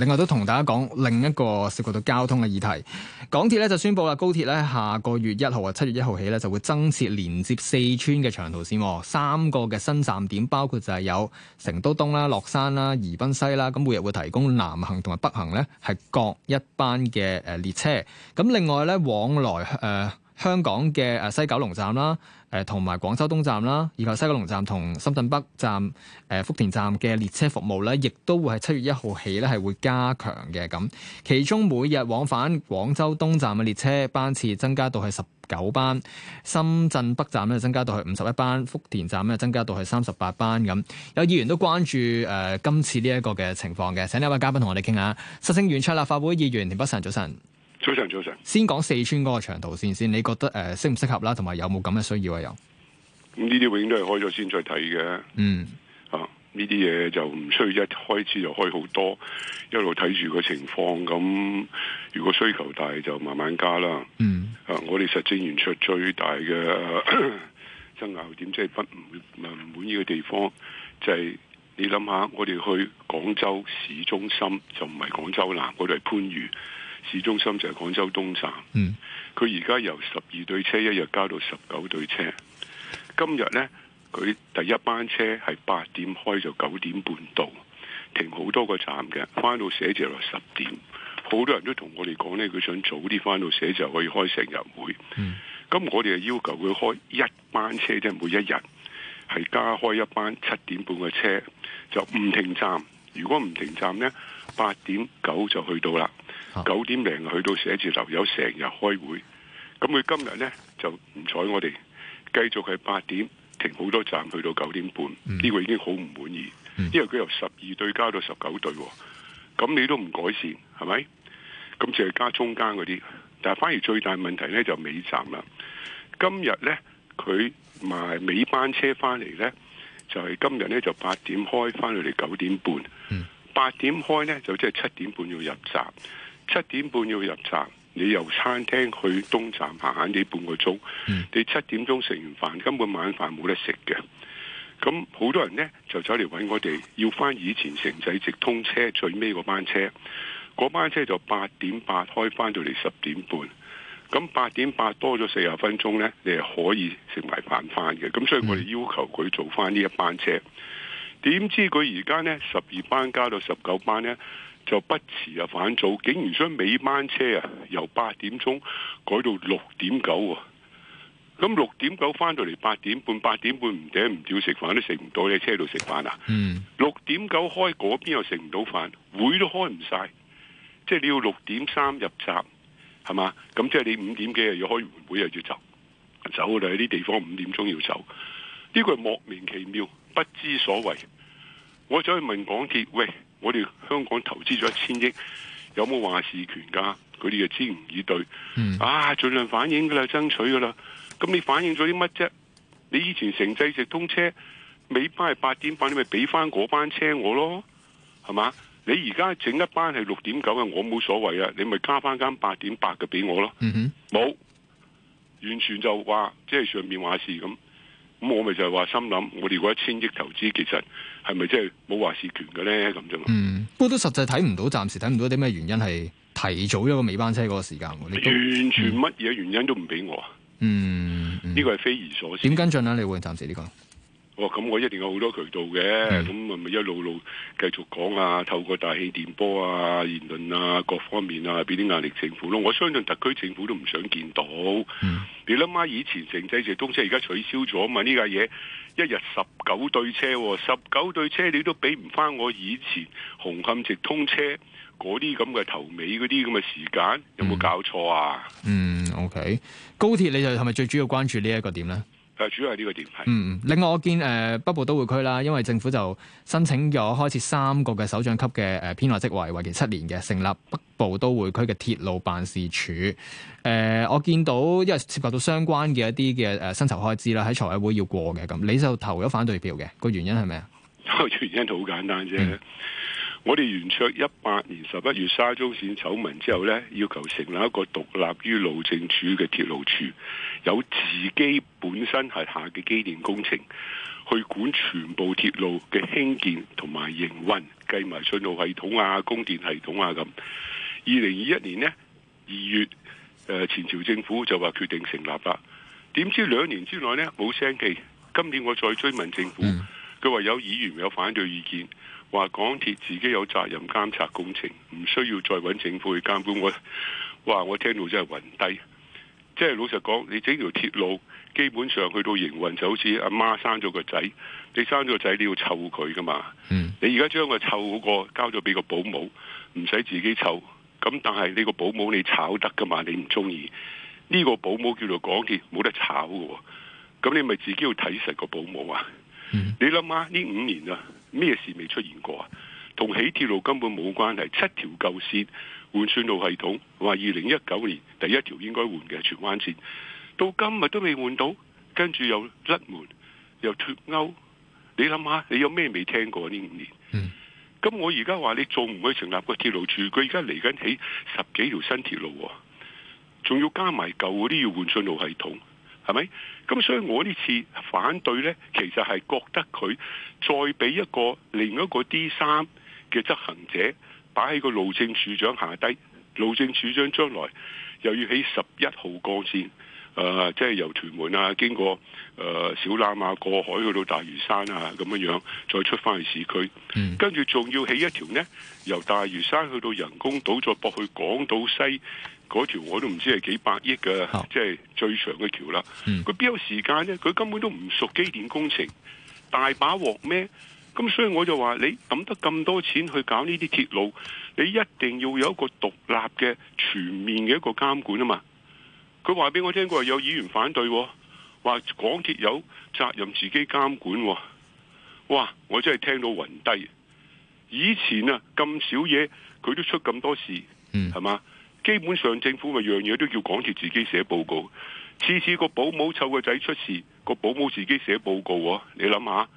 另外都同大家講另一個涉及到交通嘅議題，港鐵咧就宣布啦，高鐵咧下個月一號或七月一號起咧就會增設連接四川嘅長途線，三個嘅新站點包括就係有成都東啦、樂山啦、宜賓西啦，咁每日會提供南行同埋北行咧係各一班嘅列車，咁另外咧往來誒，呃香港嘅誒西九龍站啦，誒同埋廣州東站啦，以及西九龍站同深圳北站、誒福田站嘅列車服務咧，亦都會係七月一號起咧係會加強嘅咁。其中每日往返廣州東站嘅列車班次增加到係十九班，深圳北站咧增加到係五十一班，福田站咧增加到係三十八班咁。有議員都關注誒今次呢一個嘅情況嘅，請呢位嘉賓同我哋傾下。實政圓桌立法會議員田北辰早晨。早晨，早晨。先講四川嗰個長途綫先，你覺得誒適唔適合啦，啊？同埋有冇咁嘅需要啊？有呢啲永遠都係開咗先再睇嘅。嗯啊，呢啲嘢就唔需要一開始就開好多，一路睇住個情況。咁如果需求大就慢慢加啦。嗯啊，我哋實政圓桌最大嘅爭拗點，即、就、係、是、不唔唔滿意嘅地方，就係、是、你諗下，我哋去廣州市中心就唔係廣州南，我哋係番禺。市中心就係廣州東站。嗯，佢而家由十二對車一日加到十九對車。今日呢，佢第一班車係八點開，就九點半到，停好多個站嘅，翻到寫字樓十點。好多人都同我哋講呢，佢想早啲翻到寫字樓，可以開成日會。咁、嗯、我哋就要求佢開一班車，即係，每一日係加開一班七點半嘅車，就唔停站。如果唔停站呢，八點九就去到啦。九點零去到寫字樓，有成日開會。咁佢今日呢就唔睬我哋，繼續係八點停好多站去到九點半，呢、嗯、個已經好唔滿意，嗯、因為佢由十二對加到十九對喎。咁你都唔改善係咪？咁只係加中間嗰啲，但係反而最大問題呢就尾站啦。今日呢，佢埋尾班車翻嚟呢，就係、是、今日呢就八點開翻去嚟九點半，八點開呢，就即係七點半要入站。七點半要入站，你由餐廳去東站行行啲半個鐘，你七點鐘食完飯，根本晚飯冇得食嘅。咁好多人呢，就走嚟揾我哋，要翻以前城際直通車最尾嗰班車，嗰班車就八點八開翻到嚟十點半，咁八點八多咗四十分鐘呢，你係可以食埋飯翻嘅。咁所以我哋要求佢做翻呢一班車，點知佢而家呢，十二班加到十九班呢。就不遲呀反早，竟然將尾班車啊由八點鐘改到六點九，哦，咁六點九翻到嚟八點半，八點半唔嗲唔吊食飯都食唔到，你喺車度食飯啊！六點九開嗰邊又食唔到飯，會都開唔晒，即係你要六點三入閘係嘛？咁即係你五點幾又要開完會又要走，走就喺啲地方五點鐘要走，呢個係莫名其妙，不知所謂。我想去問港鐵，喂？我哋香港投資咗一千億，有冇話事權㗎？佢哋就知唔以對，嗯、啊盡量反映㗎啦，爭取㗎啦。咁你反映咗啲乜啫？你以前城際直通車尾班係八點半，你咪俾翻嗰班車我咯，係嘛？你而家整一班係六點九嘅，我冇所謂啊！你咪加翻間八點八嘅俾我咯。冇、嗯哼，完全就話即係上面話事咁。咁我咪就係話心諗，我哋如果一千億投資，其實係咪即係冇話事權嘅咧，咁啫嘛。嗯，不過都實際睇唔到，暫時睇唔到啲咩原因係提早咗個尾班車嗰個時間。完全乜嘢原因都唔俾我。嗯，呢個係非而所思。點跟進咧？你會暫時呢、這個？咁、哦、我一定有好多渠道嘅，咁咪咪一路路繼續講啊，透過大氣電波啊、言論啊、各方面啊，俾啲壓力政府咯。我相信特區政府都唔想見到。嗯、你諗下，以前城際直通車而家取消咗啊嘛，呢架嘢一日十九對車、哦，十九對車你都俾唔翻我以前紅磡直通車嗰啲咁嘅頭尾嗰啲咁嘅時間，有冇搞錯啊？嗯，OK，高鐵你就係咪最主要關注呢一個點咧？就主要係呢個點係。嗯，另外我見誒、呃、北部都會區啦，因為政府就申請咗開設三個嘅首長級嘅誒、呃、編外職位，為期七年嘅，成立北部都會區嘅鐵路辦事處。誒、呃，我見到因為涉及到相關嘅一啲嘅誒薪酬開支啦，喺財委會要過嘅，咁，你就投咗反對票嘅，個原因係咩？啊？個原因好簡單啫。嗯我哋圓桌一八年十一月沙中線醜聞之後呢要求成立一個獨立於路政署嘅鐵路處，有自己本身係下嘅機電工程，去管全部鐵路嘅興建同埋營運，計埋信號系統啊、供電系統啊咁。二零二一年呢，二月，誒、呃、前朝政府就話決定成立啦。點知兩年之內呢，冇聲氣，今年我再追問政府，佢話有議員有反對意見。話港鐵自己有責任監察工程，唔需要再揾政府去監管我。我哇，我聽到真係暈低，即係老實講，你整條鐵路，基本上去到營運就好似阿媽生咗個仔，你生咗個仔你要湊佢噶嘛？你而家將個湊嗰個交咗俾個保姆，唔使自己湊，咁但係你個保姆你炒得噶嘛？你唔中意呢個保姆叫做港鐵，冇得炒噶，咁你咪自己要睇實個保姆啊？你諗下呢五年啊？咩事未出現過啊？同起鐵路根本冇關係，七條舊綫換算路系統，話二零一九年第一條應該換嘅荃灣綫，到今日都未換到，跟住又甩門又脱鈎。你諗下，你有咩未聽過呢五年？咁、嗯、我而家話你做唔去成立個鐵路處，佢而家嚟緊起十幾條新鐵路，仲要加埋舊嗰啲要換算路系統。係咪？咁所以我呢次反對呢，其實係覺得佢再俾一個另一個 D 三嘅執行者擺喺個路政署長下低，路政署長將來又要起十一號幹線，誒、呃，即係由屯門啊經過、呃、小欖啊過海去到大嶼山啊咁樣樣，再出翻去市區，嗯、跟住仲要起一條呢，由大嶼山去到人工島，再駁去港島西。嗰條我都唔知係幾百億嘅，oh. 即係最長嘅橋啦。佢邊、嗯、有時間佢根本都唔熟機電工程，大把鑊咩？咁所以我就話你抌得咁多錢去搞呢啲鐵路，你一定要有一個獨立嘅全面嘅一個監管啊嘛，佢話俾我聽，佢話有議員反對、哦，話港鐵有責任自己監管、哦。哇！我真係聽到暈低。以前啊，咁少嘢佢都出咁多事，係嘛、嗯？基本上政府咪樣嘢都要講住自己寫報告，次次個保姆湊個仔出事，個保姆自己寫報告，你諗下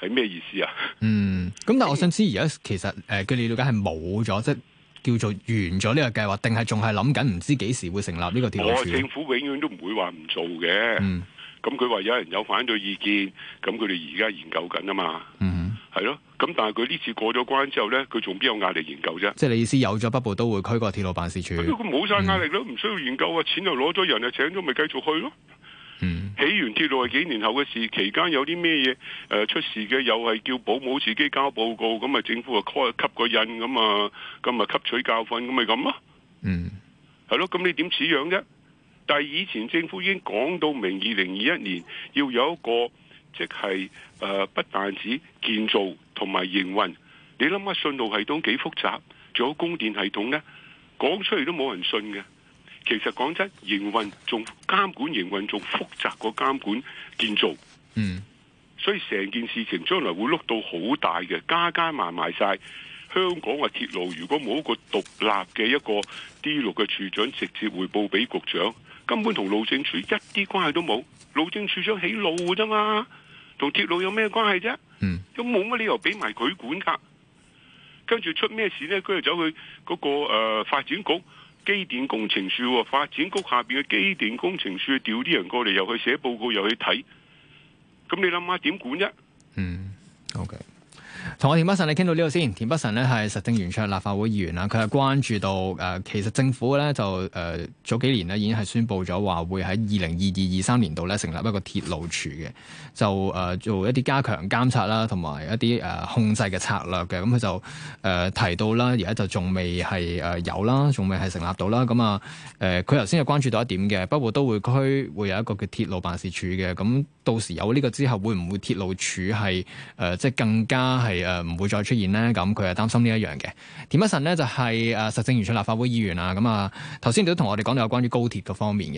係咩意思啊？嗯，咁但係我想知而家其實誒嘅了解係冇咗，即係叫做完咗呢個計劃，定係仲係諗緊唔知幾時會成立呢個調查？我啊，政府永遠都唔會話唔做嘅。咁佢話有人有反對意見，咁佢哋而家研究緊啊嘛。係咯，咁但係佢呢次過咗關之後呢，佢仲邊有壓力研究啫？即係你意思有咗北部都會區個鐵路辦事處，佢冇晒壓力咯，唔、嗯、需要研究啊，錢又攞咗，人又請咗，咪繼續去咯。嗯，起完鐵路係幾年後嘅事，期間有啲咩嘢誒出事嘅，又係叫保姆自己交報告，咁啊政府啊開吸個印，咁啊咁啊吸取教訓，咁咪咁咯。嗯，係咯，咁你點似樣啫？但係以前政府已經講到明，二零二一年要有一個。即係誒、呃，不但止建造同埋營運，你諗下，信號系統幾複雜，仲有供電系統呢，講出嚟都冇人信嘅。其實講真，營運仲監管營運仲複雜過監管建造。嗯，所以成件事情將來會碌到好大嘅，加加埋埋晒。香港嘅鐵路如果冇個獨立嘅一個 D6 嘅處長直接匯報俾局長，根本同路政處一啲關係都冇，路政處長起路㗎啫嘛。同鐵路有咩關係啫？咁冇乜理由俾埋佢管噶。跟住出咩事咧？佢又走去嗰、那個誒、呃、發展局機電工程處，發展局下邊嘅機電工程處調啲人過嚟，又去寫報告，又去睇。咁你諗下點管啫？嗯，OK。同我田北辰，你傾到呢度先。田北辰咧係實政圓桌立法會議員啦，佢係關注到、呃、其實政府咧就誒早、呃、幾年咧已經係宣布咗話會喺二零二二二三年度咧成立一個鐵路處嘅，就、呃、做一啲加強監察啦，同埋一啲、呃、控制嘅策略嘅。咁佢就、呃、提到啦，而家就仲未係有啦，仲、呃、未係成立到啦。咁啊佢頭先就關注到一點嘅，北部都會區會有一個叫鐵路辦事處嘅咁。到時有呢個之後會唔會鐵路署係，誒即係更加係誒唔會再出現咧？咁佢係擔心呢一樣嘅。田北辰咧就係、是、誒、呃、實政圓桌立法會議員啦。咁啊，頭先都同我哋講到有關於高鐵方面嘅。